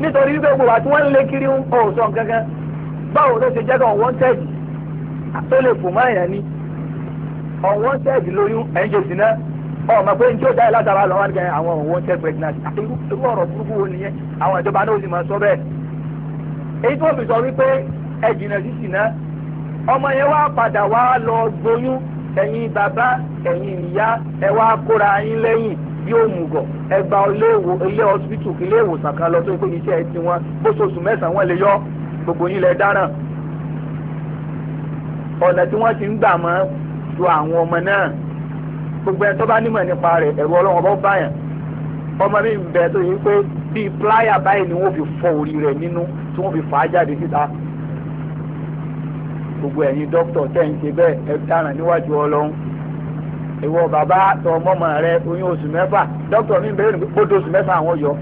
nítorí wípé gbogbo àti wọ́n lé kiri ń ò sọ kankan báwo ló ṣe jẹ́ kí ọ̀wọ́n tẹ̀dì tó lè fò mọ́ èèyàn ni ọ̀wọ́n tẹ̀dì lóyún ẹ̀ ń ṣe sí náà ọmọ pé njó dáyé látara lọ́wọ́ ní kẹ́hìn àwọn òwò tẹ́ pregnant irú ọ̀rọ̀ burúkú wo nìyẹn àwọn ìjọba náà ó sì máa sọ bẹ́ẹ̀. èyí tó fi sọ wípé ẹ̀jìnà sísì náà ọmọ yẹn wá padà wá lọ gboyún ẹ̀yin bàbá ẹ̀yin ìyá ẹ wá kóra yín lẹ́yìn yóò mú gọ̀ ẹgbà ilé hospital ilé ìwòsàn kan lọ tó pé iṣẹ́ ẹ ti wọn bóṣoṣù mẹ́sàn-án wọn lè yọ gbogbo yín lẹ dáràn ọ̀nà tí wọ́n ti ń gbà mọ́ ju àwọn ọmọ náà gbogbo ẹ tó bá nímọ̀ nípa rẹ̀ ẹ̀rọ ọlọ́run bọ́ báyàn ọmọ mi bẹ̀ tó yẹ pé bíi pláyà báyìí ni wọ́n fi fọ orí rẹ̀ nínú tí wọ́n fi fà á jáde síta gbogbo ẹ̀yin dókítà tẹ̀ ń ṣe bẹ́ẹ̀ ẹ dáràn níwájú ọlọ́run ìwọ bàbá tọ ọmọọmọ rẹ oyún oṣù mẹ́fà dókítà mi bẹ̀rẹ̀ nípa oṣù mẹ́fà àwọn yọ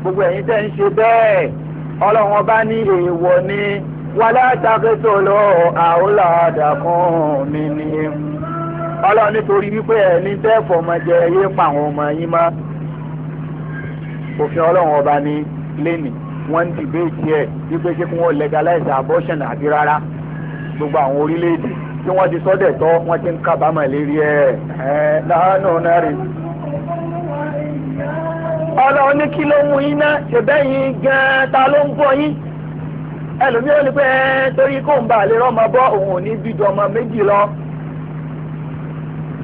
gbogbo ẹ̀yin tẹ́ ń ṣe bẹ́ẹ̀ ọlọ́run ọba ní èèwọ̀ ni wàlá takétò lọ àhólà àdàkùn mi ni ọlọ́run nítorí wípé ẹni tẹ́ fọmọjẹ yé pa àwọn ọmọ yín mọ́ òfin ọlọ́run ọba ní lẹ́nìí wọ́n ń dìbéètì ẹ̀ wípé ṣé kí wọ́n legalize abortion àbí rárá gbogbo àwọn orílẹ̀ tí wọ́n ti sọ́dẹ̀ tọ́ wọ́n ti ń kábàámọ̀ lérí ẹ̀ ẹ̀ náà rè. ọlọ́run ní kí ló mú yín ṣèbẹ́yìn gan-an ta ló ń bọ́ yín ẹlòmíì ó ní pé torí kó ń bá lè rọ́mọ bọ́ òun ò ní bídú ọmọ méjì lọ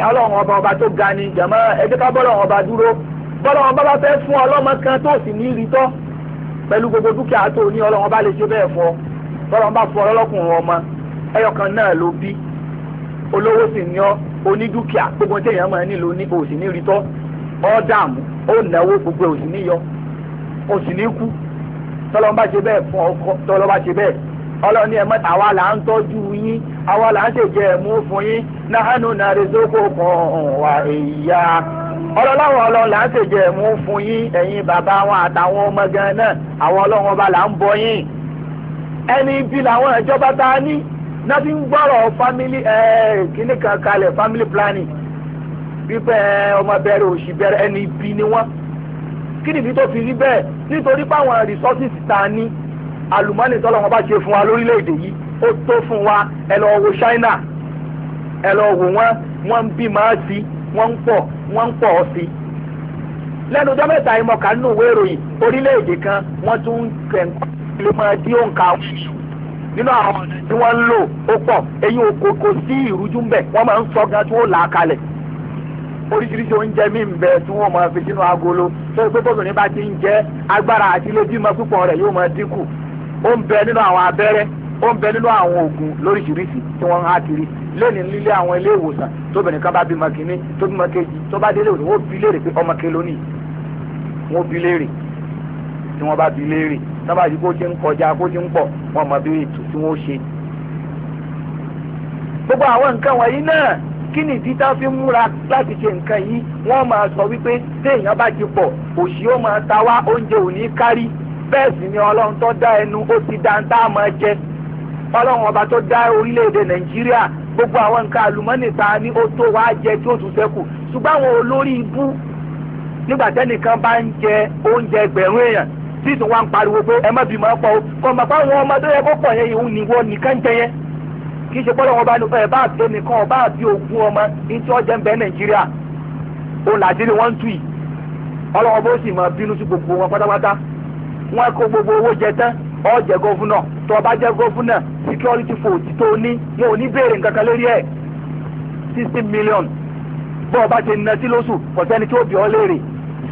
ọlọ́run ọba ọba tó ga ni jàmọ́ ẹjẹ́ ká bọ́lọ́run ọba dúró bọ́lọ́run ọba bá fẹ́ fún ọlọ́mọ kan tó sì ní rí pẹ̀lú gbogbo dúkìá tó ní ọlọ́run ọba lè ṣe bẹ́ẹ̀ fọ́ bọ́lọ́run bá fún ọlọ́kùnrin ọmọ ẹyọkan náà ló bí olówó sì ní ọ onídúkìá gbogbo tí èèyàn máa nílò ní òsì ní rìtọ́ ọ dààmú ó náwó gbogbo òsì ní yọ òsì ní kú tọ́lọ́n bá ṣe bẹ́ẹ̀ fún ọkọ tọ́lọ́n bá ṣe bẹ́ẹ̀ ọlọ́run ní ẹ̀mọ́ àwa là ń tọ́jú yín àwa là ń ṣèjẹ́ ẹ̀mú fún yín nahanu narizoko kan wà ìyá ọlọ́láwọn ọlọ́run là ń ṣèjẹ́ ẹ̀mú fún yín ẹ̀yin bàbá wọn àtàwọn ọmọ gan náà àwọn ọlọ́run ọba là ń bọ yín ẹni ibi làwọn ìjọba ta ní náà ti ń gbọ́rọ̀ family kíní kan kalẹ̀ family planning wípé ọmọ bẹ̀rẹ̀ òṣì bẹ̀rẹ̀ ẹni ibi ni wọ́n kí nìdí tó fi rí bẹ́ẹ̀ nítorí páwọn resources ta ní àlùmọ́nì tọ́lọ́ wọn bá ṣe fún wa lórílẹ̀‐èdè yìí ó tó fún wa ẹ lọ wo China ẹ lọ wò wọ́n wọ́n ń bí màá sí wọ́n ń pọ̀ wọ́n ń pọ̀ ọ́ sí lẹ́nu ọjọ́ mẹ́ta ìmọ̀ká nínú ìwé ìròyìn orílẹ̀-èdè kan wọ́n tún ń kẹ̀ǹkọ́ ló máa dí òǹkà wọn nínú àwọn ọ̀nà tí wọ́n ń lò ó pọ̀ eyín oko kò sí ìrújú ń bẹ̀ wọ́n máa ń sọ gan tí wọ́n là á kalẹ̀ oríṣiríṣi oúnjẹ míì ń bẹ tí wọ́n máa fi sínú agolo tó yẹ pé bóbìnrin bá ti ń jẹ agbára àti ilé bímọ púpọ̀ rẹ̀ yóò máa dínkù ó ń bẹ nínú àwọn abẹ́rẹ́ ó ń bẹ nínú àwọn oògùn lóríṣiríṣi tí wọ́n ń há kiri lẹ́ni nílé àwọn ilé ìwòsàn tóbìnrin kan bá bímọ kínní tó bímọ kejì tó bá délé ìwòsàn wọ́n bi léèrè pé ọmọ kelónì wọ́n bi léèrè tí wọ́n bá bi léèrè sábà yìí kó ti ń kọjá kó ti ń pọ̀ wọn mọ bí ètò tí wọ́n ṣe. gbogbo àwọn nǹkan wọ̀nyí náà kí ni títà fi múra láti ṣe nǹkan yìí wọ́n máa sọ wípé téèyàn bá ti pọ̀ òṣì ó máa ta wá oúnjẹ ò ní kárí bẹ́ẹ̀ sì ni ọlọ́run tó dá ẹnu ó ti dá ń tá a máa jẹ ọlọ́run ọba tó dá orílẹ̀-èdè nàìjíríà gbogbo àwọn nǹkan àlùmọ́nì ta ni ó tó wá jẹ tí ó tún ṣẹ́kù ṣùgbọ́n àwọn olórí ibú nígbà tẹ́nìkan bá ń jẹ oúnjẹ ẹgbẹ̀rún èèyàn tí ìtún wa ń pariwo pé ẹ má ma ọ̀pọ̀ o kò mọ̀ pé àwọn ọmọ tó yẹ kó pọ̀ yẹn ni nìwọ nìkan jẹ yẹn kì í ṣe pọ́lọ́ wọn bá ní ẹ bá àbí nìkan ọba àbí ogún ọmọ ní tí ọjà ń bẹ nàìjíríà òun làdírí wọn ń tù yìí ọlọ́wọ́ bó sì máa bínú sí gbogbo wọn pátápátá gbogbo owó jẹ tán ọ jẹ tó o bá jẹ security force tó ní wọn ò ní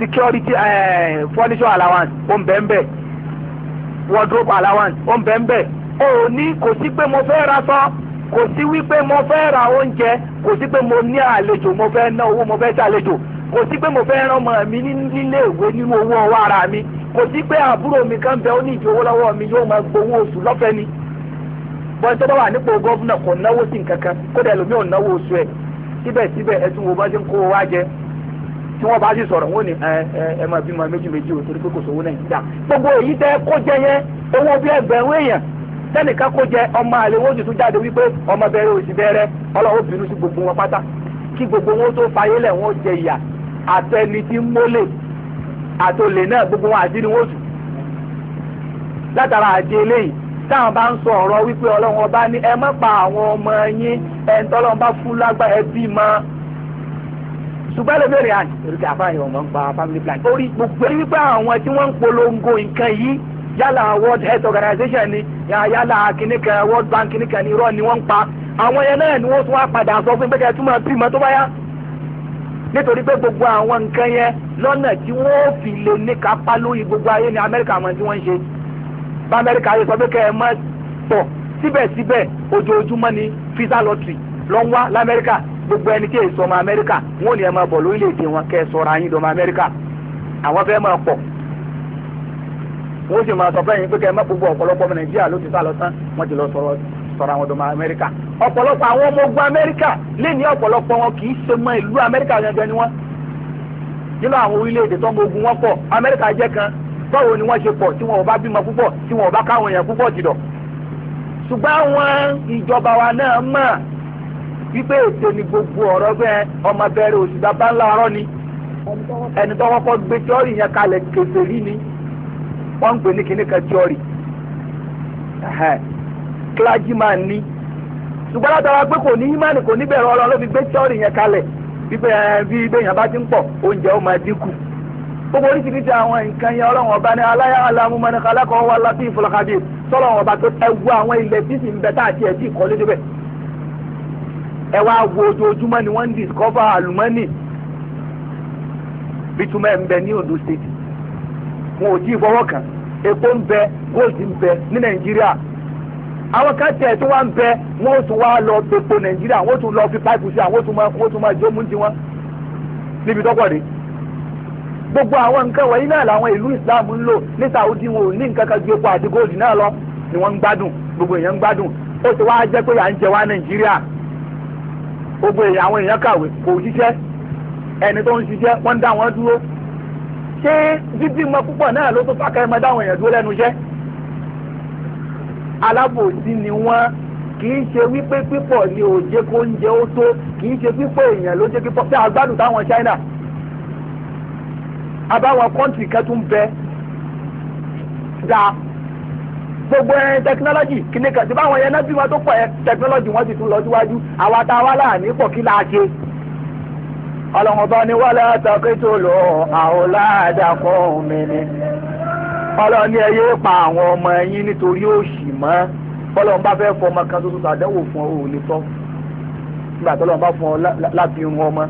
security eh, furniture allowance ó ń bẹ ń bẹ wardrobe allowance ó ń bẹ ń bẹ o ní kò sí pé mo fẹ́ ra sọ kò sí wípé mo fẹ́ ra oúnjẹ kò sí pé mo ní àlejò mo fẹ́ ná owó mo fẹ́ ṣàlejò kò sí pé mo fẹ́ rán ọmọ mi nílé ìwé nínú owó ọwọ́ ara mi kò sí pé àbúrò mi kan bẹ ó ní ìdí owó lọ́wọ́ mi yóò máa gbowó oṣù lọ́fẹ̀ẹ́ ni bọ́n tó bá wà nípò gọ́vùnà kò náwó sí nǹkan kan kódà ẹlòmíràn náwó oṣù ẹ̀ síbẹ̀síbẹ̀ ẹ̀sùn wo bá ti ń kó wa jẹ tí wọ́n bá sì sọ̀rọ̀ wọ́n ní ẹ ẹ máa bímọ méjì méjì na torí kò sówó nàìjíríà gbogbo èyí tẹ́ kó jẹ yẹn owó bí ẹgbẹ̀rún èèyàn tẹ́nìkan kó jẹ ọmọ àlè wọ́n jáde wípé ọmọ bẹ̀rẹ̀ òsì ọlọ́wọ́ gbogbo wọn pátá gbogbo wọn tó fayé lẹ̀ wọ́n jẹ ìyà àtẹni tí mólè àtòlè náà gbogbo wọn àti ni wọ́n sùn látara àti eléyìí táwọn bá ń sọ ọ̀rọ̀ wípé ṣùgbọ́n lè bẹ̀rẹ̀ àn èròjà àfààyàn ọmọ ń pa family plan. orí gbogbo ẹni pé àwọn tí wọ́n ń polongo nǹkan yìí yálà world health organization ni yálà kìnìkan world bank kìnìkan ni irọ́ ni wọ́n ń pa àwọn yẹn náà ni wọ́n tún wá padà sọ fún pẹ́kẹ́ tí wọ́n bímọ tó bá yá nítorí pé gbogbo àwọn nǹkan yẹn lọ́nà tí wọ́n fi lè ní kápá lórí gbogbo ayé ní amẹ́ríkà àwọn tí wọ́n ń ṣe bá amẹ́ríkà yóò sọ pé kẹ́ ẹ mọ́ tọ̀ síbẹ̀síbẹ̀ ojoojúmọ́ ni visa lottery lọ́n wá lamẹ́ríkà gbogbo ẹni kí èso ọmọ amẹ́ríkà wọn ò ní ẹ máa bọ̀ lórílẹ̀‐èdè wọn kẹ́ ẹ sọ̀rọ̀ ayín dọ̀mọ amẹ́ríkà àwọn fẹ́ máa pọ̀ wọn ó sì máa sọ fẹ́ yín pé kẹ́ ẹ má gbogbo ọ̀pọ̀lọpọ̀ ọmọ nàìjíríà ló ti sá lọ tán wọ́n ti lọ sọ̀rọ̀ sọ̀rọ̀ àwọn dọ̀mọ amẹ́ríkà ọ̀pọ̀lọpọ̀ àwọn ọmọ ogun amẹ́ríkà lé ní ọ̀pọ̀lọpọ̀ wọn kì í ṣe mọ ìlú amẹ́ríkà gangan ni wọ́n nínú àwọn orílẹ̀-èdè tó ọmọ ogun wọn pọ̀ amẹ́ríkà jẹ́ kan báwo ni wọ́n ṣe pọ̀ tí wọn ò bá bímọ púpọ̀ wípé ètè ni gbogbo ọ̀rọ̀ bẹ́ẹ̀ ọmọ bẹ̀rẹ̀ oṣù bàbá ńlá ọ̀rọ̀ ni ẹni tó kọ́kọ́ gbé tíọ́rì yẹn kalẹ̀ kèfèrí ni wọ́n ń pè ní kíní kan tíọ́rì clergyman ni ṣùgbọ́n látara pé kò ní ìmánì kò ní bẹ̀rẹ̀ ọ̀rọ̀ ló fi gbé tíọ́rì yẹn kalẹ̀ wípé bí ibèyàn bá ti ń pọ̀ oúnjẹ ó máa dínkù gbogbo oríṣiríṣi àwọn nǹkan yẹn ọlọ́run ọba ní aláya alámúmọ́ni alákọ̀ọ́wọ́ alábí ìfọlọ́kadì sọ́lọ́run ọba ẹ wá wo ojoojúmọ́ ni wọ́n ń discover àlùmọ́nì bitumọ̀ ẹ̀ ń bẹ ní Ondo state wọn ò tí ì fọwọ́ epo ń bẹ gold ń bẹ ní Nàìjíríà àwọn kan tẹ̀ tó wá ń bẹ wọn ò tún wá lọ gbogbo Nàìjíríà wọn ò tún lọ fi pipe sí àwọn ò tún máa jó mú tiwọn níbi tọ́pọ̀ rèé gbogbo àwọn nǹkan wọ̀nyí náà làwọn ìlú islam ń lò ní saudi wọn ò ní nǹkan kan ju epo àti góòlù náà lọ ni wọ́n ń gbádùn gbogbo èèyàn ń gbádùn ó ti wá jẹ́ pé à ń jẹ wá nàìjíríà gbogbo èèyàn àwọn èèyàn kàwé kò ṣiṣẹ́ ẹni tó ń ṣiṣẹ́ wọ́n ń dá wọn dúró ṣé bíbímọ púpọ̀ náà ló tó fàkà ẹmọ dáwọn èèyàn dúró lẹ́nu iṣẹ́ alábòsí ni wọ́n kì í ṣe wípé pípọ̀ ni òjé kó ń jẹ ó tó kì í ṣe pípọ̀ èèyàn ló jẹ́ pípọ̀ pé àgbàdo táwọn China abáwọn kọ́ńtì kẹ́tù ń bẹ dáa gbogbo ẹ tẹkinọ́lọ́jì kìíní kan ti báwọn yẹn náà bí wọn tó pọ̀ ẹ tẹkinọ́lọ́jì wọn ti tún lọ síwájú àwa tá a wá láàánú pọ̀ kí la ṣe. ọlọ́run bá ní wọ́lá tọkítò lọ àwòládàkọ̀ mi ni ọlọ́run ẹ yéé pa àwọn ọmọ yín nítorí òṣì mọ́ bọ́lọ́run bá fẹ́ fọ ọmọ kan tó tún sàdánwò fún ọ ò tọ́ nígbà tó lọ́run bá fún ọ láti irun ọmọ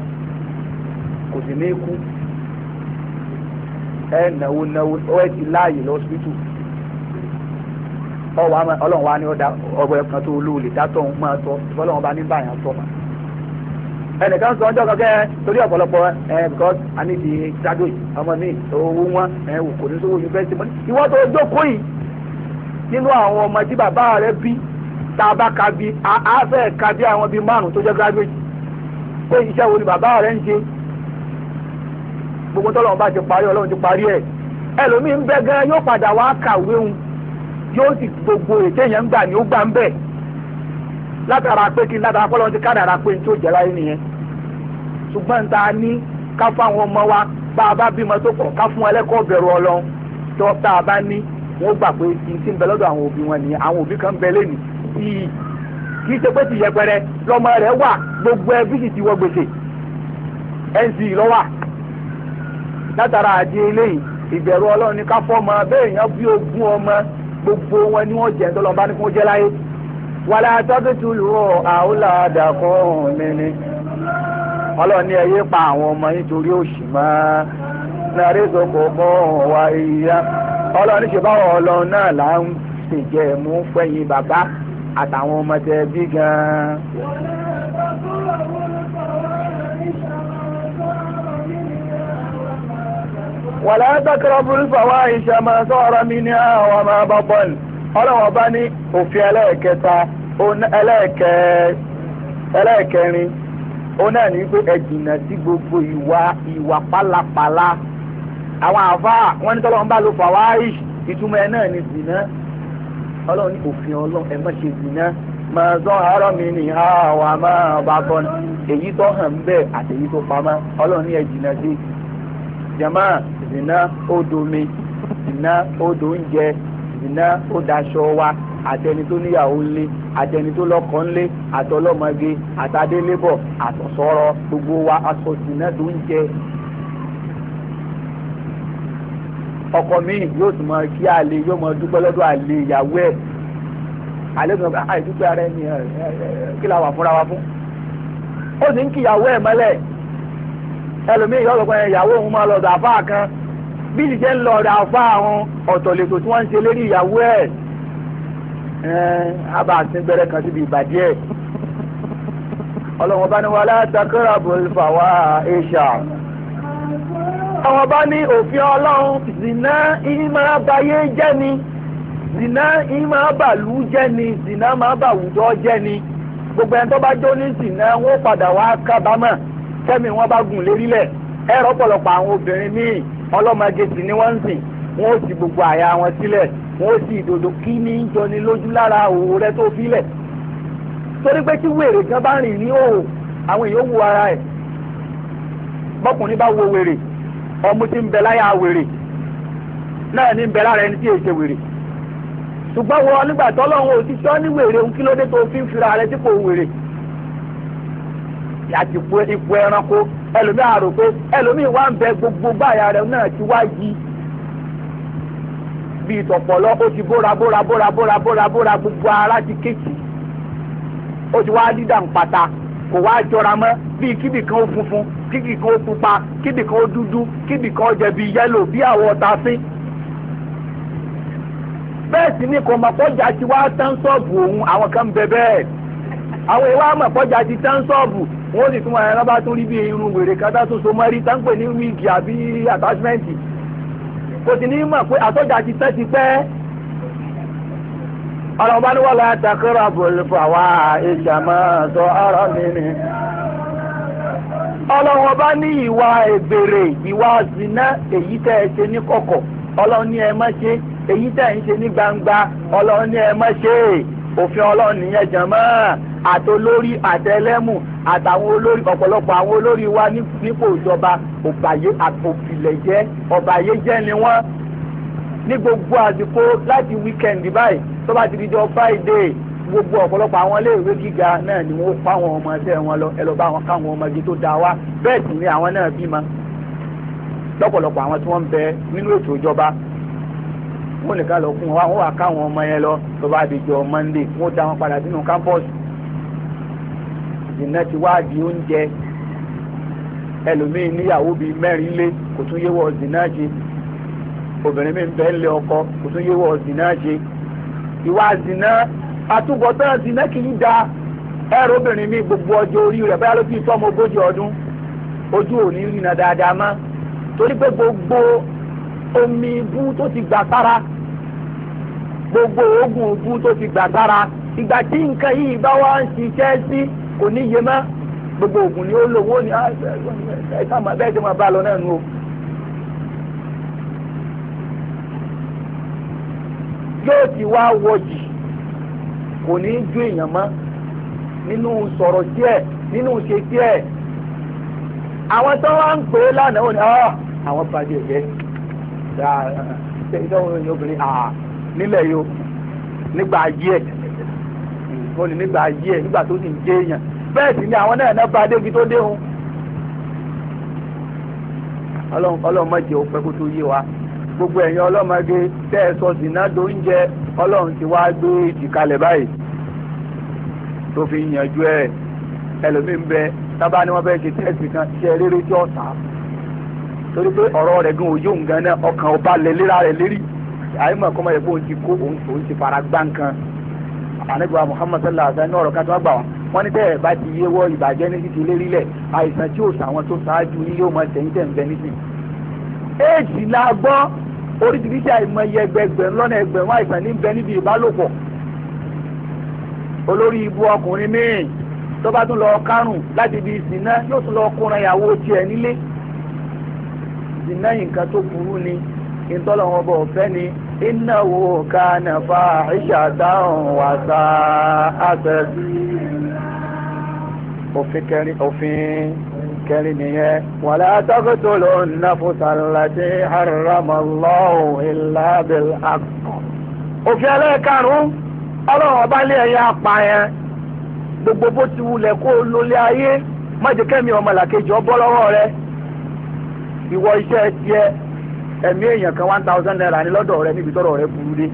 kò sì ní í ẹ náwó náwó ọ ẹ ti láàyè lọ́sibítù ọwọ́ àmọ́ ọlọrun wa ni tó lù lè dá tóun máa bá ní báyà tọ́ ma. ẹnìkan sọ ọjọ́ kankan torí ọ̀pọ̀lọpọ̀ ẹ graduate ọmọ mi owó wọn ẹ wò kò ní sówó bàbá rẹ bí tá a bá ka bí a bí àwọn bíi graduate pé iṣẹ wo ni bàbá rẹ ń gbogbo bá ti parí ti parí ẹlòmíín gan yóò sì gbogbo ìtẹ̀yẹ̀ ń gbà ní ó gbà ń bẹ̀ látara pé kí látara pé ti kádàrà pé n tó jẹ́ láyé nìyẹn ṣùgbọ́n ta ní ká ọmọ wa bá a bá bímọ tó kọ̀ ká fún ẹlẹ́kọ̀ọ́ bẹ̀rù ọlọ́run tó tá a bá ní wọ́n gbà pé kí n ti ń bẹ lọ́dọ̀ àwọn òbí wọn nìyẹn àwọn òbí kan ń bẹ kì í ṣe pé ti yẹpẹrẹ lọmọ rẹ ti wọ gbèsè nc látara eléyìí ìbẹ̀rù ọlọ́run ká fọ́ ọmọ bẹ́ẹ̀ yẹn gbogbo wọn ni wọ́n jẹ́ ń tọ́lọ́ bá ní fún jẹ́ láyé wàlá tọ́kítùlù àwòlà àdàkọ́ mi ni ọlọ́run ní ẹyẹ pa àwọn ọmọ yín torí òṣì mọ́ nàrí sọ̀kọ̀ọ̀kọ́ wa ìyá ọlọ́run ṣe báwọn ọlọ́run náà là ń ṣèjẹ́ mú fẹ́yìn bàbá àtàwọn ọmọ tẹ bí gan-an. wàlá taqrabu al-fawahisha ma zahara minha wa ma batan ọlọ́wọ́ bá ní òfin ẹlẹ́ẹ̀kẹta ẹlẹ́ẹ̀kẹrin ó náà ní pé ẹ jìnnà sí gbogbo ìwà ìwà pálapàla àwọn àfáà wọn ní tọ́lọ́ ń bá lo fawahish ìtumọ̀ ẹ náà ní zìnà ọlọ́run ní òfin ọlọ́run ẹ má ṣe zìnà ma zahara minha wa ma batan èyí tó hàn bẹ́ẹ̀ àtèyí tó pamọ́ ọlọ́run ní ẹ sí jàmáà. zina ó domi zina ó dóúnjẹ zina ó wa àtẹni tó níyàwó ńlé àtẹni tó lọ́kọ ńlé àtọlọ́mọge àtàdélébọ̀ àtọ̀sọ́rọ̀ gbogbo wa aṣọ zina jẹ ọkọ mi yóò tún mọ kí àlè yóò mọ àlè ìyàwó àlè ara kí la wà fúnra wa fún ó sì ń kí ìyàwó ẹlòmíì ìyàwó kan bílì jẹ́ ń lọ ọ̀dà afá àwọn ọ̀tọ̀lẹ̀tò tí wọ́n ń ṣe lérí ìyàwó ẹ̀ abà àsìn gbẹrẹ kan síbi ìbàdí ẹ̀ ọlọ́wọ́n bá ní wàhálà takara bọ̀lùfà wá ẹ̀ṣà àwọn bá ní òfin ọlọ́run zina ìní máa jẹ́ ni zina ìní máa jẹ́ ni zina máa bàwùjọ jẹ́ ni gbogbo ẹni tó bá jó ní zina wọn padà wá kábàámọ̀ kẹ́mi wọn bá gùn lérílẹ̀. ẹrọ pọlọpọ àwọn obìnrin míì ọlọ́mọge sì ni wọ́n ń sìn wọn ó sì gbogbo àyà wọn sílẹ̀ wọ́n ó sì ìdòdò kí ní í jọni lójú lára òwò rẹ tó bílẹ̀ torí pé tí wèrè kan bá rìn ní òwò àwọn èèyàn wo ara bá wo wèrè ọmú tí ń bẹ láyà wèrè náà ní ń bẹ lára ẹni tí èyí ṣe wèrè ṣùgbọ́n wọn nígbà ní àti ipò ẹranko ẹlòmíì àrò pé ẹlòmíì wá ń bẹ gbogbo báyà rẹ̀ náà ti wá yí bí ìtọ̀pọ̀lọ́ ó ti bóra bóra bóra bóra bóra bóra gbogbo ara ti kéèkì ó ti wá dídà ń pata kò wá jọra mọ́ bíi kíbì kan ó funfun kíbì kan ó pupa kíbì kan ó dúdú kíbì kan ó jẹbi yẹ́lò bí àwọ̀ ta sí bẹ́ẹ̀ sì ni kò mọ̀ pọ́jà ti wá tán sọ́ọ̀bù òun àwọn kan bẹ bẹ́ẹ̀. àwọn ìwà àmọ̀ pọ́jà ti tán sọ́ọ̀bù wọ́n sì tún wọn ẹran bá tún rí bí irun wèrè kan tó so mọ́rí tá ń pè ní wíìgì àbí àtàṣmẹ́ǹtì kò sì ti tán ti pẹ́ ọ̀rọ̀ bá ní wọ́n lọ àtàkùrọ̀ sọ ọ̀rọ̀ mi ni. ọlọ́wọ́n bá ní zina èyí tẹ́ ẹ ṣe ní kọ̀kọ̀ ọlọ́run ṣe àtolórí àtẹlẹ́mù àtàwọn olórí ọ̀pọ̀lọpọ̀ àwọn olórí wa nípò ìjọba òbàyé àpòfìlẹ̀jẹ́ ọ̀bàyé jẹ́ ni wọ́n ní gbogbo àsìkò láti wíkẹ̀ndì báyìí tó bá ti di jọ friday gbogbo ọ̀pọ̀lọpọ̀ àwọn iléèwé gíga náà ni wọ́n fáwọn ọmọ ẹsẹ̀ wọn lọ ẹ lọ bá wọn káwọn ọmọge tó dáa wá bẹ́ẹ̀ sì ni àwọn náà bímọ lọ́pọ̀lọpọ̀ àwọn tí wọ́n ń bẹ nínú ètò ìjọba wọ́n nìkan lọ fún wọn wà káwọn ọmọ yẹn lọ tó bá di jọ monday wọ́n dá wọn padà sínú campus ìná ti wá di oúnjẹ ẹlòmíín níyàwó bíi mẹ́rin lé kò tún yéwọ́ zìnà ṣe obìnrin mi ń bẹ́ẹ̀ lé ọkọ kò tún yéwọ́ zìnà ṣe ìwà zìnà àtúbọ̀tán zìnà kì í da ẹrù obìnrin mi gbogbo ọjọ́ orí rẹ̀ báyà ló fi tọ́mọ ogójì ọdún ojú ò ní rìnà dáadáa mọ́ torí pé gbogbo omi ibú tó ti gbà sára gbogbo oògùn ibú tó ti gbà sára ìgbà tí nǹkan yìí bá wá ń ṣiṣẹ́ sí. Si kò ní yé má gbogbo oògùn ni ó lò wọ́n ní ẹ̀ka máa bẹ́ẹ̀ tí wọ́n bá lọ náà nù o. yóò ti wá wọ̀jì kò ní í ju èèyàn mọ́ nínú sọ̀rọ̀ díẹ̀ nínú ṣe díẹ̀ àwọn tó wá ń pè lánàá òní àwọn pàdé ẹ̀jẹ̀ ṣe ìdánwò obìnrin nílẹ̀ yìí o nígbà ayé ẹ̀ mo lè nígbà ayé ẹ̀ nígbà tó sì ń jẹ́ èèyàn bẹ́ẹ̀ sì ni àwọn náà náà bá débi tó dé hun ọlọ́run má jẹ́ òpẹ́ kó tó yé wa gbogbo ẹ̀yin ọlọ́mọge tẹ́ ẹ sọ sìnà tó ń jẹ ọlọ́run ti wá gbé ìdìkalẹ̀ báyìí tó fi yànjú ẹ̀ ẹlòmíín bẹ tábà ni wọ́n fẹ́ ṣe tẹ́sì kan ṣe rere tí ó sà torí pé ọ̀rọ̀ rẹ̀ gan òye òun gan náà ọkàn ọba lẹ̀ léra o ti kó òun ànẹ́gbà Muhammad sallallahu alaihi wa sallam ní ọ̀rọ̀ kan tó gbà wọ́n wọ́n ní bẹ́ẹ̀ bá ti yéwọ́ ìbàjẹ́ ní títí lérí lẹ̀ àìsàn tí òòsàn àwọn tó ṣáájú yín yóò máa tẹ̀yìn tẹ̀ ń bẹ nísìn. éèjì la gbọ́ oríṣiríṣi àìmọye ẹgbẹgbẹ̀rún lọ́nà ẹgbẹ̀rún àìsàn ní bẹ níbi ìbálòpọ̀ olórí ibu ọkùnrin míì tó bá tún lọ kárùn láti ibi ìsìnná yóò tún lọ kóran ìyàwó tiẹ̀ nílé ìsìnná nǹkan tó burú ni ìtọ́lọ́wọ́n bọ̀ ọ̀fẹ́ ni إنه كان فاحشة وساء سبيلا òfin kẹrin òfin kẹrin nìyẹn wàlá taqtulu nafsa allati harrama Allahu illa bil haqq. òfin ẹlẹ́ẹ̀karùn-ún ọlọ́run ọba ilé ẹ̀yà apá yẹn gbogbo bó ti wulẹ̀ kó o lólé ayé májèkẹ́mi ọmọlàkejì ọbọ̀ lọ́wọ́ rẹ ìwọ iṣẹ́ tiẹ̀ ẹ̀mí èèyàn kan one thousand naira ni lọ́dọ̀ rẹ níbi tọ́rọ̀ rẹ burú dé.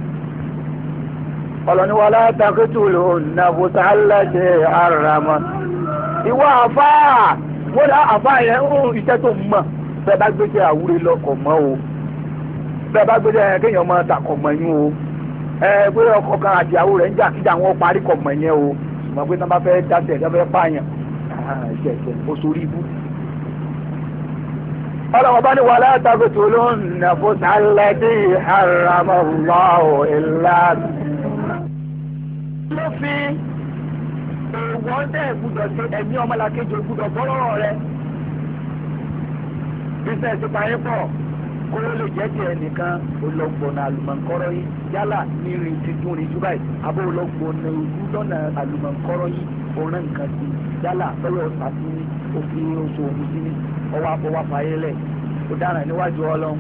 ọlọ́ni wa látàkìtù ló nà bùtà lẹ́jẹ̀ àràmọ́. ìwọ àfáà wọ́n dá àfáà yẹn ń iṣẹ́ tó mọ̀ bẹ́ẹ̀ bá gbéṣẹ́ àwúre lọ́kọ̀ mọ́ o bẹ́ẹ̀ bá gbéṣẹ́ kéèyàn máa takọ̀ mọ́ yín o ẹ pé ọkọ kan àti àwọ rẹ̀ ń jà kíjà wọn parí kọ̀ mọ́ yẹn o ṣùgbọ́n pé tí wọ́n bá fẹ́ dáṣẹ̀ tí wọ́n fẹ́ pààyàn ẹ̀ṣẹ̀ ẹ̀ṣẹ̀ oṣù ibú ọlọ́wọ́ bá ní wà látàkù tó ló ń nàfó sálẹ́dì àràmọ́láwò ìlà. ló fi èèwọ̀n tẹ̀ gbúdọ̀ sí ẹ̀mí ọmọlàkejì gbúdọ̀ bọ́rọ̀ rẹ. bísẹ̀sì parí pọ̀ kó ló lè jẹ́ tiẹ̀ nìkan olóògbọ̀nà àlùmọ̀ǹkọ́rọ́ yìí yálà ní rin titun rin jù báyìí abó olóògbọ̀nà ojú lọ́nà àlùmọ̀ǹkọ́rọ́ yìí òun nǹkan sí yálà fẹ́rẹ̀ ọ̀sà sí ní òfin oṣù òfin síbi ọwọ́ abọ́ wà fàyè lẹ̀ ó dára níwájú ọlọ́run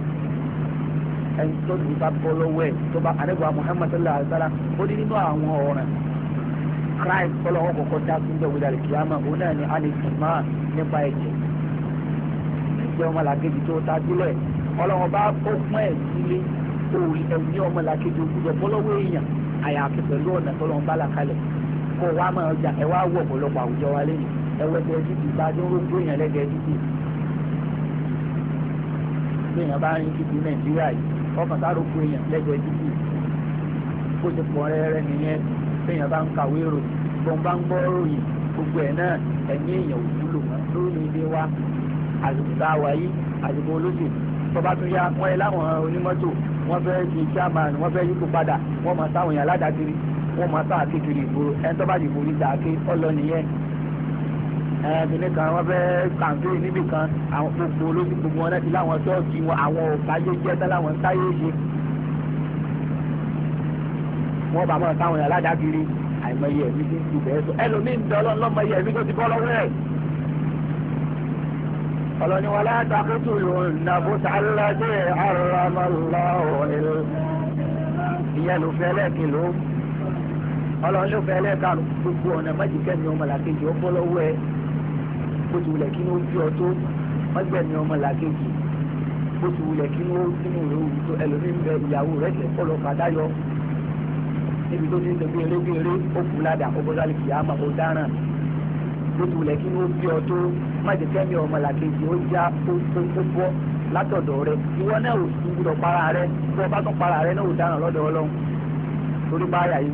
ẹni tó ní bá bọ́ lọ́wọ́ ẹ̀ tó bá àdébùwà Muhammad sallallahu alayhi wa sallam ó ní nínú àwọn ọ̀ràn crime ọlọ́wọ́ kọ̀ọ̀kọ́ dá sí ń bẹ̀ wíwá kìámà òun náà ni alẹ́sìn máa nípa ẹ̀jẹ̀ ẹ̀jẹ̀ ọmọlàkejì tó ta sílẹ̀ ọlọ́wọ́ bá ó pọ́n ẹ̀ sílé òòrì ẹ̀mí ọmọlàkejì òkúdọ̀ bọ́lọ́wọ́ èèyàn àyàfi pẹ̀lú ọ̀nà tọ́lọ́wọ́ bá là kalẹ̀ kó wa máa ọjà ẹ̀ wá wọ̀ ọ̀pọ̀lọpọ̀ àwùjọ wa lẹ́yìn ẹwẹ́gbẹ́ títì bá dé wọ́n tó yàn lẹ́gbẹ́ títì bí èèyàn bá rìn títì nàìjíríà yìí ọkàn sáré kó èèyàn lẹ́gbẹ́ títì bó ti pọ̀ rẹ́rẹ́ nìyẹn bí èèyàn bá ń kàwé rò bọ́n bá ń gbọ́ ròyìn gbogbo ẹ̀ náà ẹ̀mí èèyàn ò wúlò mọ́ lórí ilé wa àsìkò tá a wà yìí àsìkò olóṣèlú tọba tún ya wọn yẹ láwọn onímọ́tò wọn fẹ́ di chairman wọn fẹ́ yípo padà wọn máa sáwọn yàn ládàá kiri wọn máa sáà kékeré ìgboro ẹni tọ́ba ní dàáké ọlọ nìyẹn ẹ̀ẹ́dínlẹ́ kan wọ́n fẹ́ẹ́ kàǹpé níbì kan àwọn gbogbo olóṣù gbogbo wọn láti láwọn ṣọ́ọ̀ṣì wọn àwọn òbáyé jẹ́ táláwọn ń táyé ṣe. wọ́n bá mọ̀ táwọn yàrá dágiri àìmọye ẹ̀mí ti ń tu bẹ́ẹ̀ sọ ẹlòmíín dọ́lọ́ lọ́mọye ẹ̀mí tó ti bọ́ lọ́wọ́ ẹ̀. ọlọ́ni wọlé àtàkùtù nàbùtà lọ́dẹ̀ àràmọ́lá ìyẹn ló fẹ́ lẹ́ẹ̀kìn ló ọlọ́run ló fẹ́ lẹ́ẹ̀ka gbogbo ọ̀nà májìkẹ́ ni ọmọ làkejì ọ bó ti wulẹ̀ kí ni ó jọ tó ọgbẹ̀ni ọmọ làkejì bó ti wulẹ̀ kí ni ó sínú rẹ̀ òwú tó ẹlòmíì ń bẹ ìyàwó rẹ̀ tẹ̀ kọ́ lọ fàdá yọ níbi tó ti ń tẹ̀gbé eré bí eré ó kú ládà ó kìí àmọ́ ó dáràn bó ti wulẹ̀ kí ni ó bí ọ tó ọmọ làkejì ó já ó bọ́ látọ̀dọ̀ rẹ̀ ìwọ náà ò sí gbúdọ̀ para rẹ̀ bí ọba tó para rẹ̀ náà ò dáràn lọ́dọ̀ ọlọ́run torí bá yà yí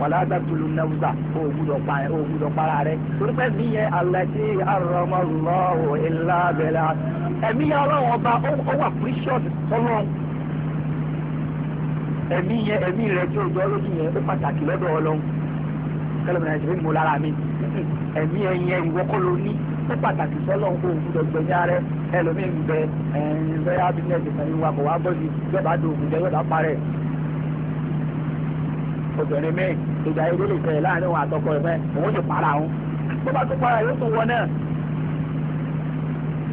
wàlá taqtulu nafsa o gbúdọ̀ pa ẹ o gbúdọ̀ para rẹ torí pé mi yẹ allati harrama Allahu illa bil haqq ẹ̀mí yẹ ọlọ́run ọba ó wà precious ọlọ́run ẹ̀mí yẹ ẹ̀mí rẹ tí o jọ lójú yẹn ó pàtàkì lọ́dọ̀ ọlọ́run kẹlẹ́mìnà ẹ̀sìn mi mú lára mi ẹ̀mí ẹ̀yẹ ìwọ kọ́ ló ní ó pàtàkì sọ́lọ́ nǹkan obìnrin míì ìjà ìlú lè tẹ̀lé láàrin òun àtọkọ rẹ̀ òun ti para òun tó bá tún para yóò tún wọ náà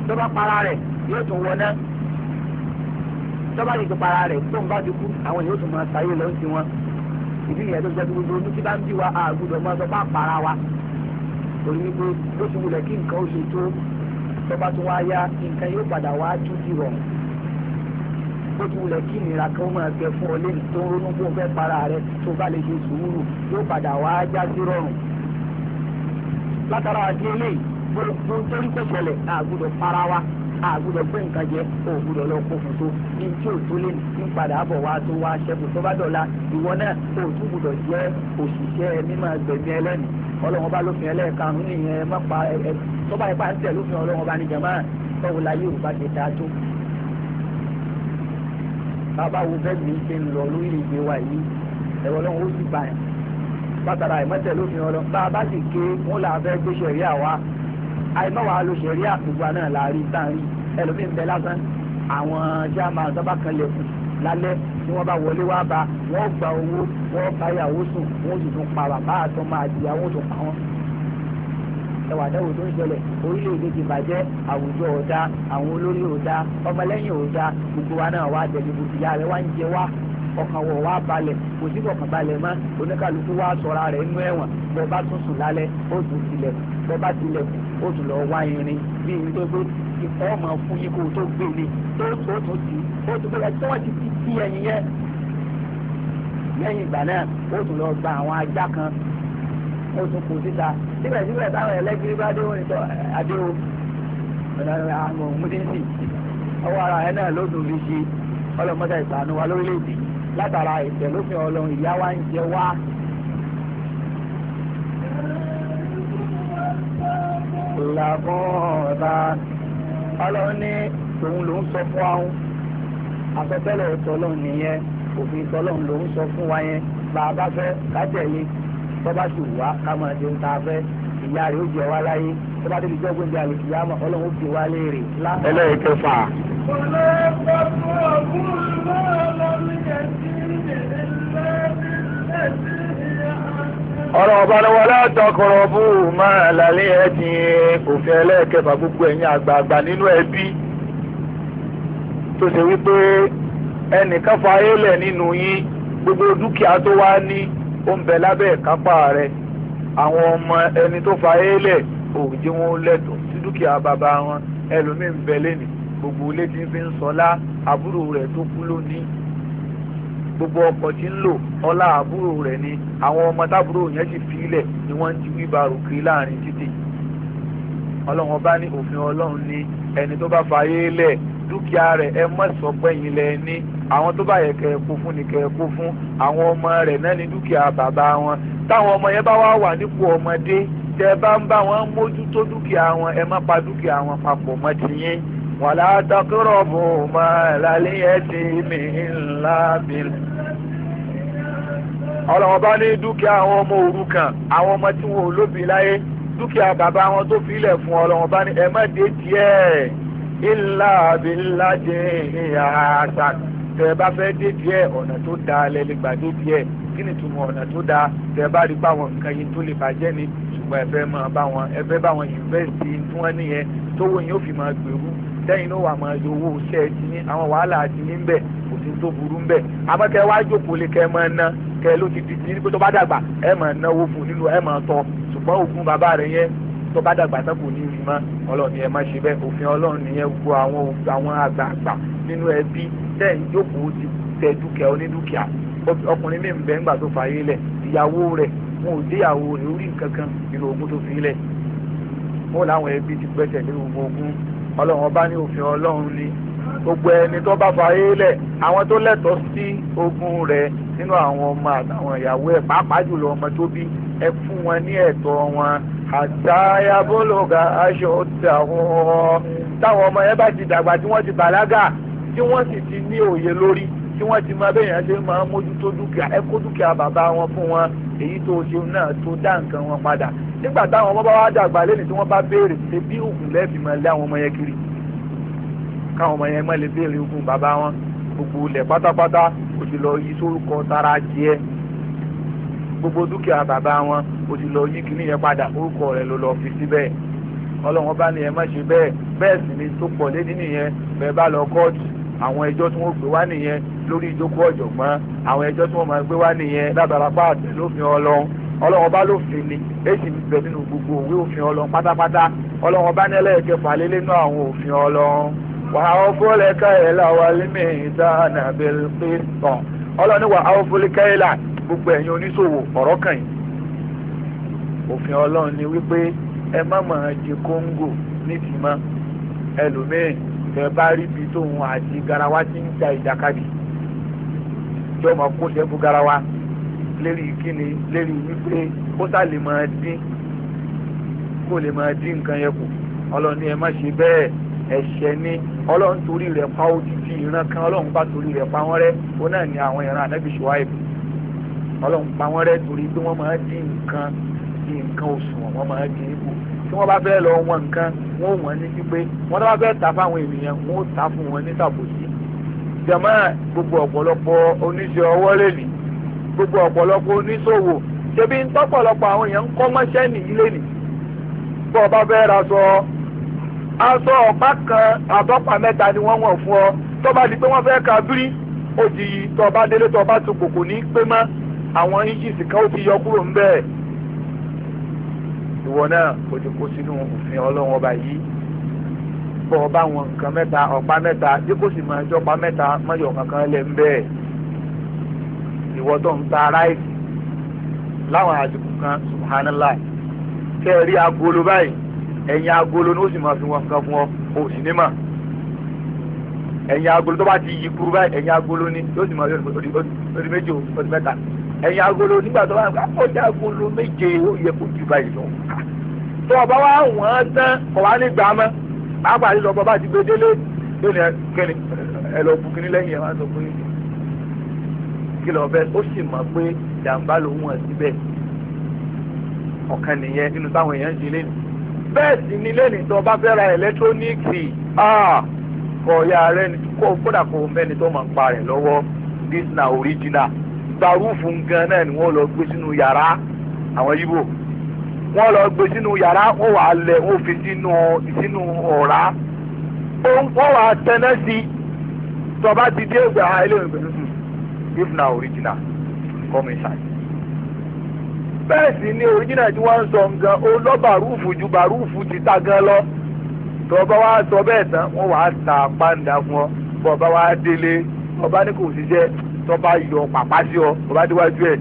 tó bá para rẹ̀ yóò tún wọ náà tó bá yìí ti para rẹ̀ tó ń bá ti kú àwọn yóò tún máa sáyé lọ sí wọn ìdí ìyẹn tó jẹ́ gbogbo ojú tí ń bí wa àgùdọ̀ máa sọ bá para wa torí wípé ó ti wulẹ̀ kí nǹkan ó ṣe tó tó bá tún wá nǹkan yóò padà wá dúdú rọrùn ó ti wulẹ̀ kí ìnira kan máa gbẹ fún ọ lẹ́yìn tó ń ronú fún ọfẹ́ para rẹ tó bá lè ṣe sùúrù yóò padà wá já sí rọrùn. látara àti eléyìí gbogbo torí pẹ̀sẹ̀lẹ̀ àgùdọ̀ para wa àgùdọ̀ pé nǹkan jẹ ògùdọ̀ lọ kó fún tó ní tí ò tó lè ní padà bọ̀ wá tó wá ṣẹ́kù tó bá dọ̀la ìwọ náà òtún gbùdọ̀ jẹ́ òṣìṣẹ́ mímọ́ gbẹ̀mí ẹlẹ́nìí ọlọ́wọ́n bá lófin ẹlẹ́ẹ̀karùn-ún nìyẹn mọ́pa ẹ̀ tọ́ba ẹ̀ bá ń tẹ̀ lófin ọlọ́wọ́n bá ní jàmáà tọ́wọ́ láyé òrùba ṣe dáa tó bàbá wo bẹ́ẹ̀ mi ṣe ń lọ lórílẹ̀‐èdè wa yìí ẹ̀rọ ọlọ́run ó sì bá yẹn látara ìmọ̀tẹ́ lófin ọlọ́run bá a bá sì ké wọn là fẹ́ gbé ṣẹ̀ríà wa àìmọ́wàá ló ṣẹ̀ríà gbogbo náà la rí tá a rí ẹlòmíín bẹ lásán àwọn tí a máa sábà kan lẹ̀kùn lálẹ́ tí wọ́n bá wọlé wá bá wọ́n gba owó wọ́n bá yàwó sùn wọ́n sì tún pa bàbá àtọ́ máa jìyà wọ́n tún pa ẹwà àdáwò tó ń ṣẹlẹ̀ orílẹ̀-èdè ti bàjẹ́ àwùjọ ọ̀dà àwọn olórí ọ̀dà ọmọlẹ́yìn ọ̀dà gbogbo wa náà wá tẹ̀lébù ìyá rẹ̀ wá ń jẹ wá ọkàn wọ̀ wá balẹ̀ kò sí kọ̀ọ̀kan balẹ̀ mọ́ oníkàlùkù wá sọ̀ra rẹ̀ inú ẹ̀wọ̀n bọ́ bá tún sùn lálẹ́ ó tún tilẹ̀ bọ́ bá tilẹ̀ ó tún lọ wá irin bí irin tó gbé ìfọ́ ọmọ fún yín kó tó gbé ni tó tó tó ti ó tún bẹ̀rẹ̀ tí wọ́n ti ti ti ẹ̀yìn yẹn lẹ́yìn ìgbà náà ó tún lọ gba àwọn ajá kan ó tún kó síta síbẹ̀síbẹ̀ táwọn ẹlẹ́gìrì bá dé wọ́n sọ àdéhùn ọ̀nà àmọ̀ múdíńsì ọwọ́ ara ẹ̀ náà ló dùn fi ṣe ọlọ́mọdé ìsànú wa lórílẹ̀‐èdè látara ìtẹ̀lófin ọlọ́run ìyá wa ń jẹ wá. làbọ̀ọ̀dà ọlọ́run ní òun ló ń sọ fún wa ń àsọtẹ́lẹ̀ ọ̀tọ̀ ọlọ́run nìyẹn òfin ìtọ́lọ́run ló ń sọ fún wa yẹn bàbá fẹ́ kájẹ̀lé bọ́bá sì wá ká máa ṣe ń ta afẹ́ ìyá rẹ̀ ó jẹ wá láyé tó bá débi jọ́gbọ́n di mọ̀ ọlọ́run ó fi wá léèrè. ẹlẹ́yìn kẹfà. ọ̀rọ̀ ọ̀bàdàn wọlé àtọkọ̀rọ̀ bù máa lálẹ́ ẹ̀dín òfin ẹlẹ́ẹ̀kẹfà gbogbo ẹ̀yìn àgbààgbà nínú ẹbí tó ṣe wípé ẹnìkan fa ayélẹ̀ nínú yín gbogbo dúkìá tó wá ní ó ń bẹ lábẹ́ ìkápá rẹ àwọn ọmọ ẹni tó fa éélẹ̀ òjì wọn lẹ́tọ̀ọ́ sí dúkìá bàbá wọn ẹlòmíín ń bẹ lẹ́nìí gbogbo ilé tí ń fi ń sọlá àbúrò rẹ̀ tó kú lónìí gbogbo ọkọ̀ tí ń lò ọlá àbúrò rẹ̀ ni àwọn ọmọ tábúrò yẹn ti fi ilẹ̀ ni wọ́n ń ti wí barò kiri láàrin títì ọlọ́run ọba ní òfin ọlọ́run ní ẹni tó bá fa ayé dúkìá rẹ̀ ẹ mọ̀ sọ pé yín lẹ ní àwọn tó bá yẹ kẹ́ ẹ kó fún ni kẹ́ ẹ kó fún àwọn ọmọ rẹ̀ náà ní dúkìá bàbá wọn táwọn ọmọ yẹn bá wá wà nípò ọmọdé tẹ́ bá ń bá wọn mójútó dúkìá wọn ẹ má pa dúkìá wọn papọ̀ mọ́ ti yín wàlá takúrọ̀ bò mọ́ lálẹ́ yẹn ti mi ńlá bìrì ọlọ́wọ́n bá ní dúkìá àwọn ọmọ òrukàn àwọn ọmọ tí wọn ò lóbi láyé dúkìá bàbá wọn tó fi ilẹ̀ fún ọlọ́wọ́n bá ní ẹ má dé tiẹ̀ ilà abilajẹ ìyàtà tẹ bá fẹ́ dé díẹ̀ ọ̀nà tó da lẹ́lẹ́ gbà dé díẹ̀ kí ni túmọ̀ ọ̀nà tó da tẹ bá rí báwọn nǹkan yìí tó lè bàjẹ́ ni ṣùgbọ́n ẹ fẹ́ máa bá wọn ẹ fẹ́ bá wọn yunifásitì tí wọ́n nìyẹn tówó yóò fi máa gbèrú lẹ́yìn ló wà máa yọ owó iṣẹ́ ti ní àwọn wàhálà ti ní bẹ̀ kò sí tó burú bẹ̀ àmọ́ kẹ wá jókòó lé kẹ máa ná kẹ ló ti di ti ní pé tó bá dàgbà ẹ máa náwó fún nílò ẹ máa tọ́ ṣùgbọ́n òògùn bàbá rẹ yẹn tó bá dàgbà tán kò ní rí mọ́ ọlọ́run ni ẹ má ṣe bẹ́ẹ̀ òfin ọlọ́run nìyẹn gbogbo àwọn àwọn àgbààgbà nínú ẹbí tẹ̀ ń jókòó ti tẹ dúkìá onídúkìá ọkùnrin mi ń bẹ ńgbà tó fààyè lẹ̀ ìyàwó rẹ̀ wọn ò déyàwó rẹ̀ orí nǹkan kan nínú ogún tó fi lẹ̀ wọn làwọn ẹbí ti gbẹ́sẹ̀ lé gbogbo ogún ọlọ́run ọba ní òfin ọlọ́run ni gbogbo ẹni tó bá fààyè lẹ̀ àwọn tó lẹ́tọ̀ọ́ sí ogún rẹ̀ nínú àwọn ọmọ àtàwọn ìyàwó àtàyà bólóga aṣọ òtàwọn táwọn ọmọ yẹn bá ti dàgbà tí wọ́n ti bàlágà tí wọ́n sì ti ní òye lórí tí wọ́n ti máa bẹ̀yàn ṣe máa mójútó dúkìá ẹ kó dúkìá bàbá wọn fún wọn èyí tó ṣe náà tó dá nǹkan wọn padà nígbà táwọn ọmọ bá wá dàgbà lẹ́yìn tí wọ́n bá béèrè ṣe bí òògùn lẹ́ẹ̀fì máa lé àwọn ọmọ yẹn kiri káwọn ọmọ yẹn má lè béèrè òògùn bàbá wọn gbogbo ilẹ̀ pátápátá kò sì lọ yí sórúkọ tara jẹ́ gbogbo dúkìá bàbá wọn o ti lọ yí kíní yẹn padà orúkọ rẹ̀ ló lọ fi síbẹ̀ ọlọ́run bá ní má ṣe bẹ́ẹ̀ bẹ́ẹ̀ sì ni tó pọ̀ lédi nìyẹn bẹ́ẹ̀ bá lọ kóòtù àwọn ẹjọ́ tí wọ́n gbé wá nìyẹn lórí ìjókòó ọ̀jọ̀gbọ́n àwọn ẹjọ́ tí wọ́n máa gbé wá nìyẹn lábàrá pààtẹ lófin ọlọ́run ọlọ́run bá lófin ni èsì bẹ̀ nínú gbogbo òwe òfin ọlọ́run pátápátá ọlọ́run bá ní ẹlẹ́ẹ̀kẹfà lélẹ́ nínú àwọn òfin ọlọ́run wàá ọfọlẹ́kẹ́ ẹ̀ láwa límì ìta nàbẹ̀lẹ́pẹ̀ tán ọlọ́run ní wàá ọfọlẹ́kẹ́ ẹ̀ láwa gbogbo ẹ̀yin oníṣòwò ọ̀rọ̀ kàn yín òfin ọlọ́run ni wípé ẹ má máa di kóńgò ní tìmọ́ ẹlòmíín tẹ́ bá rí ibi tóun àti garawa ti ń ja ìjàkadì tí ọmọ kó sẹ́kù garawa lérí kíni lérí wípé kó sá lè máa dín kó lè máa dín nǹkan yẹn kù ọlọ́run ni ẹ má ṣe bẹ́ẹ̀ ẹ̀ṣẹ̀ ni ọlọ́run torí rẹ̀ pa ó ìran kan ọlọ́run bá torí rẹ̀ pa wọ́n rẹ́ ó náà ní àwọn ìran ànábìṣọ́ àìbù ọlọ́run pa wọ́n rẹ́ torí pé wọ́n máa dín nǹkan dín nǹkan oṣù wọn wọ́n máa dín ikú tí wọ́n bá fẹ́ lọ wọn nǹkan wọ́n wọ́n ní pípé wọ́n tó bá fẹ́ ta fáwọn ènìyàn wọ́n ta fún wọn ní tàbùsí. jama gbogbo ọ̀pọ̀lọpọ̀ oníṣẹ́ ọwọ́ lè ní gbogbo ọ̀pọ̀lọpọ̀ oníṣòwò ṣebí ń tọ́pọ̀lọpọ̀ àwọn èèyàn ń kọ́ mọ́ṣẹ́ nìyí lé ní. bọ́ ọ bá fẹ́ ra sọ aṣọ ọ̀pá kan àbọ́pà mẹ́ta ni wọ́n wọ̀n fún ọ tó bá di pé wọ́n fẹ́ ka bírí ó di bá délé tọ́ bá tún kòkò ní pé mọ́ àwọn egypt kan ó ti yọ kúrò ń bẹ́ẹ̀ ìwọ náà o ti kó sínú òfin ọlọ́wọ́n ọba yìí bọ́ ọba àwọn nǹkan mẹ́ta ọ̀pá mẹ́ta bí kò sì máa jọ́pá mẹ́ta mọ́yọ̀ kankan lẹ̀ ń bẹ́ẹ̀ ìwọ tó ń ta ráìsì láwọn àdìkù kan subhanallah tẹ́ ẹ rí agolo báyìí ẹ̀yìn agolo ni ó sì máa fi wọn kan fún ọ o sì ní mà ẹ̀yìn agolo tó bá ti yí kúrú báyìí ẹ̀yìn agolo ni yóò sì máa yọ ọdún méjì ọdún mẹ́ta ẹ̀yìn agolo nígbà tó wà ọjà agolo méje ó yẹ kó jù báyìí lọ. tó ọba wa wọ́n tán ọ̀wá ní gbà mọ́ pàápàá nílò ọba bá ti gbé délé lónìí ẹkẹni ẹ lọ bu kínní lẹ́yìn ẹ máa sọ pé kí lọ bẹ ó sì mọ̀ pé jàǹbá ló wọ̀n síbẹ̀ ọ̀kan nìyẹn nínú táwọn èèyàn ń ṣe lẹ́nu bẹ́ẹ̀ sì ni lẹ́nu tó ọba fẹ́ ra ẹ̀lẹ́tíróníìkì ah, kọ̀ ọ̀ya rẹ̀ kó kódà kó mẹ́ni tó máa pa rẹ̀ lọ́wọ́ this na original gbarúfù nǹkan náà ni wọ́n lọ gbé sínú yàrá àwọn yíbò wọ́n lọ gbé sínú yàrá wọ́n wàá lẹ̀ wọ́n fi sínú sínú ọ̀rá wọ́n wàá tẹ́ná sí tọba ti dé hmm, if na original come inside. bẹ́ẹ̀ sì ni original ti wọ́n sọ nǹkan ó ju ti ta lọ tọba wa sọ bẹ́ẹ̀ tán wọ́n ta pàǹdà fún ọ wa délé ọba ní kò tó bá yọ pàpà sí ọ tó bá déwájú ẹ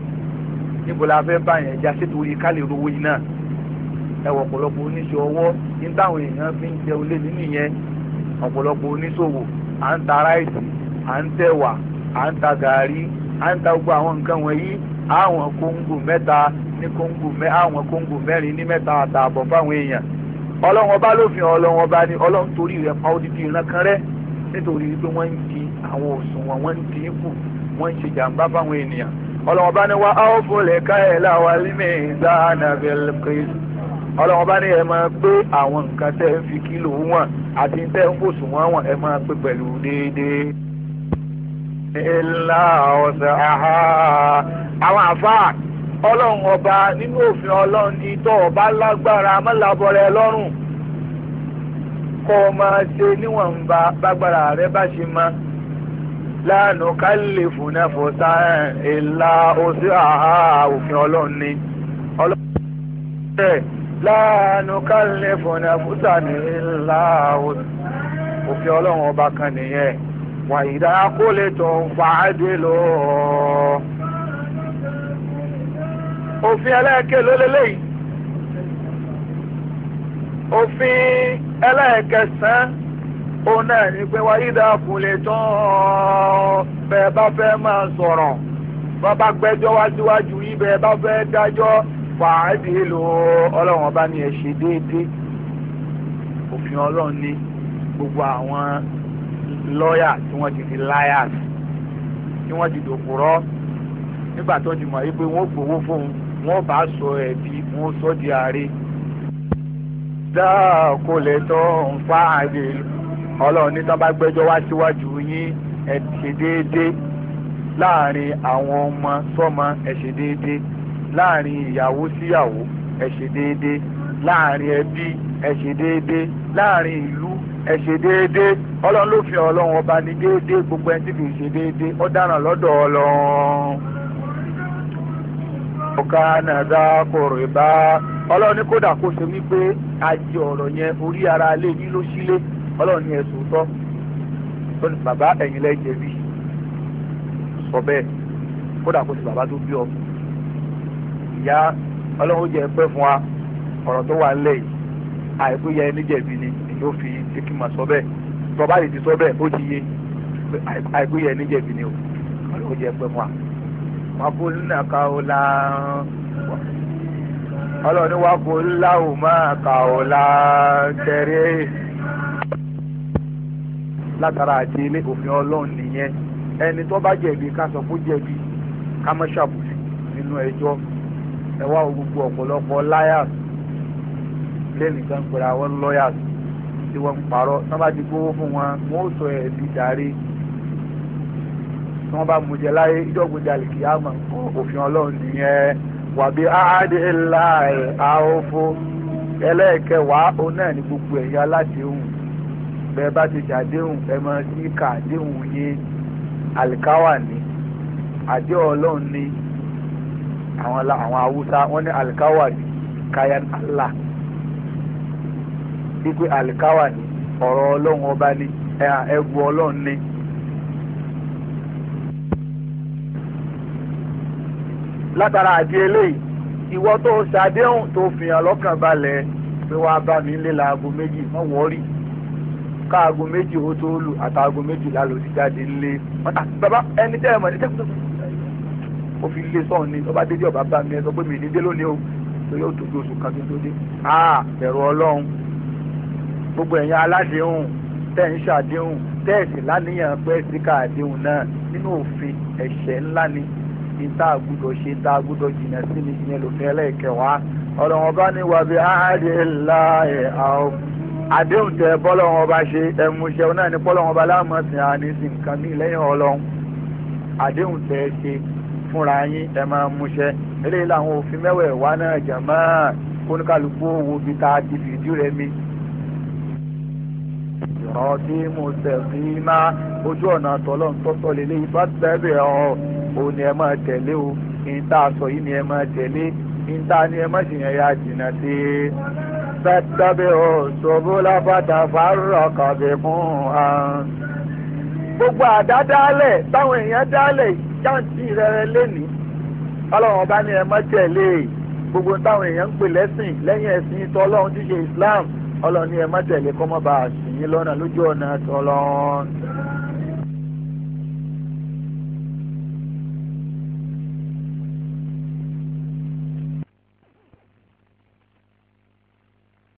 níbo la fẹ́ bá yẹn já sétò orí ká lè rówó yìí náà ẹ wọ ọ̀pọ̀lọpọ̀ oníṣẹ́ ọwọ́ ní táwọn èèyàn fi ń jẹun lé nínú yẹn ọ̀pọ̀lọpọ̀ oníṣòwò à ń ta ráìsì à ń tẹ̀wà à ń ta gàárì à ń ta gbogbo àwọn nǹkan wọ̀nyí àwọn kóńgò mẹ́ta ní kóńgò mẹ́ àwọn kóńgò mẹ́rin ní mẹ́ta àtààbọ̀ fáwọn èèyàn ọlọ́wọ́n bá lófin ọlọ́wọ́n bá ní ọlọ́run torí rẹ̀ pa odidi ìran kan rẹ́ nítorí pé wọ́n ń di àwọn òṣùwọ̀n wọ́n ń dín kù wọ́n ń ṣe jàǹbá fáwọn ènìyàn ọlọ́wọ́n bá ní wa áwòfó lè ká ẹ̀ láwa límẹ̀ ìdáná bẹ̀rẹ̀ kristu ọlọ́wọ́n bá ní ẹ máa pé àwọn nǹkan tẹ́ ń fi kílò wọn àti tẹ́ ń fòsùn wọn wọn ẹ máa pé pẹ̀lú déédéé. ilá ọ̀sẹ̀ àwọn àfáà ọlọ́run ọba nínú òfin ọlọ́run ní tọ́ ọba lágbára mọ́lábọ́rẹ́ lọ́rùn kọ́ ọ máa ṣe níwọ̀nba bágbára rẹ bá ṣe máa la nukallifu nafsan illa usaha òfin ọlọ́run ni ọlọ́run bẹ́ẹ̀ la nukallifu nafsan illa òfin ọlọ́run ọba kan nìyẹn wa idha qultum fa'dilu òfin ẹlẹ́ẹ̀kẹ́ ló lélẹ́yìí òfin ẹlẹ́ẹ̀kẹsàn-án ó náà ní pé wáyé dàkúnlẹ̀ tán bẹ́ẹ̀ bá fẹ́ máa sọ̀rọ̀ bàbá gbẹ́jọ́ wájúwájú yìí bẹ́ẹ̀ bá fẹ́ dájọ́ fàádì lò ọlọ́run ọba ni ẹ̀ ṣe déédéé òfin ọlọ́run ní gbogbo àwọn lọ́ọ̀yà tí wọ́n ti di liars tí wọ́n ti dòkúrọ́ nígbà tó ti mọ̀ yìí pé wọ́n gbowó fóun wọ́n bá sọ ẹ̀bí wọ́n sọ di àárẹ̀ dáa kò lè tọ́ ọlọ́run ní tán bá gbẹ́jọ́ wá síwájú yín ẹ ṣe déédéé láàrin àwọn ọmọ sọ́mọ ẹ ṣe déédéé láàrin ìyàwó síyàwó ẹ ṣe déédéé láàrin ẹbí ẹ ṣe déédéé láàrin ìlú ẹ déédéé ọlọ́run ló fi ọlọ́run ọba ní déédéé gbogbo ẹni tí kì í ṣe déédéé ó dáràn lọ́dọ̀ ọlọ́run. ọ̀ka nàdá kòrè bá ọlọ́run ní kódà kó ṣe wípé ajé ọ̀rọ̀ yẹn orí ara lè ní ló sílé ọlọ́run ní ẹ̀sùn tọ́ ó ní bàbá ẹ̀yin lẹ́ jẹ̀bi sọ bẹ́ẹ̀ kódà kó ti bàbá tó bí ọ ìyá ọlọ́run jẹ́ pẹ́ fún wa ọ̀rọ̀ tó wà ńlẹ̀ yìí àìkú yẹ ẹni jẹ̀bi ni èyí ó fi ekima sọ bẹ́ẹ̀ tọ́ba lè ti sọ bẹ́ẹ̀ ó ti yé àìkú yẹ ẹni jẹ̀bi ni o ọlọ́run jẹ́ pẹ́ fún wa. wà á kó nínú àká o la ọlọ́run ni wà á kó láwùmá àká o la tẹ̀rẹ́ látara àti ilé òfin ọlọ́run nìyẹn ẹni tó bá jẹ̀bi ká sọ fún jẹ̀bi ká má ṣàbùsí nínú ẹjọ́ ẹ wá gbogbo ọ̀pọ̀lọpọ̀ liars lẹ́nu kan pẹ̀lú àwọn lawyers tí wọ́n ń parọ́ tí wọ́n bá ti gbówó fún wọn wọ́n ó sọ ẹ̀bi darí tí wọ́n bá mú jẹ láyé ìjọ́gbọ̀n jalè kìí àmọ̀ òfin ọlọ́run nìyẹn wàbí áádé láàyè àófó ẹlẹ́ẹ̀kẹwàá òun náà ní gbogbo ẹ̀yà aláṣẹ òun bẹ́ẹ̀ bá ti ṣàdéhùn ẹ máa sí ká àdéhùn yín alikawa ni àdé ọlọ́run ni àwọn àwọn haúsá wọ́n ní alikawa ni kayan allah wípé alikawa ni ọ̀rọ̀ ọlọ́run ọba ni ẹ̀ẹ́dù ọlọ́run ni. látara àdé eléyìí ìwọ tó ṣàdéhùn tó fìyàn lọ́kàn balẹ̀ pé wàá bá mi lé laago méjì mọ́ wọ́ọ́rì káago méjì ó tó lù àtàago méjì lálọ́ ti jáde lé wọn àti bàbá ẹni tẹ́ ẹ mọ̀ ní tẹ́kùtù ó fi lé sọ̀hún ni ọba dédé ọba bá mi ẹ sọ pé mi ní dé lónìí o tó yóò tó bí oṣù kan tó tó dé aa ẹ̀rọ ọlọ́run gbogbo ẹ̀yin aládéhùn tẹ́ ń ṣàdéhùn tẹ́ ẹ̀sìn láníyàn pé síkà àdéhùn náà nínú òfin ẹ̀ṣẹ̀ ńlá ni ìta àgùdọ̀ ṣe ìta àgùdọ̀ jìnnà sí ni ìyẹn lòfin ẹlẹ́ẹ̀kẹwàá ọ̀rọ̀ wọn bá ní wàbí áhàdé ńlá àwọn àdéhùn tẹ bọ́lọ́hún ọba ṣe ẹ̀múṣẹ́ náà ní bọ́lọ́hún ọba láàmọ̀sìn àníṣe nǹkan mí lẹ́yìn ọlọ́hún àdéhùn tẹ ṣe fúnra yín ẹ máa múṣẹ eléyìí làwọn òfin mẹ́wẹ̀ẹ̀wá náà jàmọ́ kóníkàlùkù owó bíi ta ti fìdí rẹ mi. ìrántí mo tẹ̀sí má ojú ọ̀nà àtọ̀lọ́ ń tọ́tọ̀ lélẹ́ ifá tẹ́lẹ̀ ọ̀ òun ni máa tẹ̀lé فاتبعوا السبل فتفرق بكم عن gbogbo àdádálẹ̀ táwọn èèyàn dálẹ̀ jáǹtì rẹ̀ lẹ́nìí ọlọ́run ọba ní ẹ má tẹ̀lé gbogbo táwọn èèyàn ń pè lẹ́sìn lẹ́yìn ẹ̀sìn tó ọlọ́run ti ṣe Islam ọlọ́run ni ẹ má tẹ̀lé kọ́mọ́ba àṣìyìn lọ́nà lójú ọ̀nà tọ́lọ́run.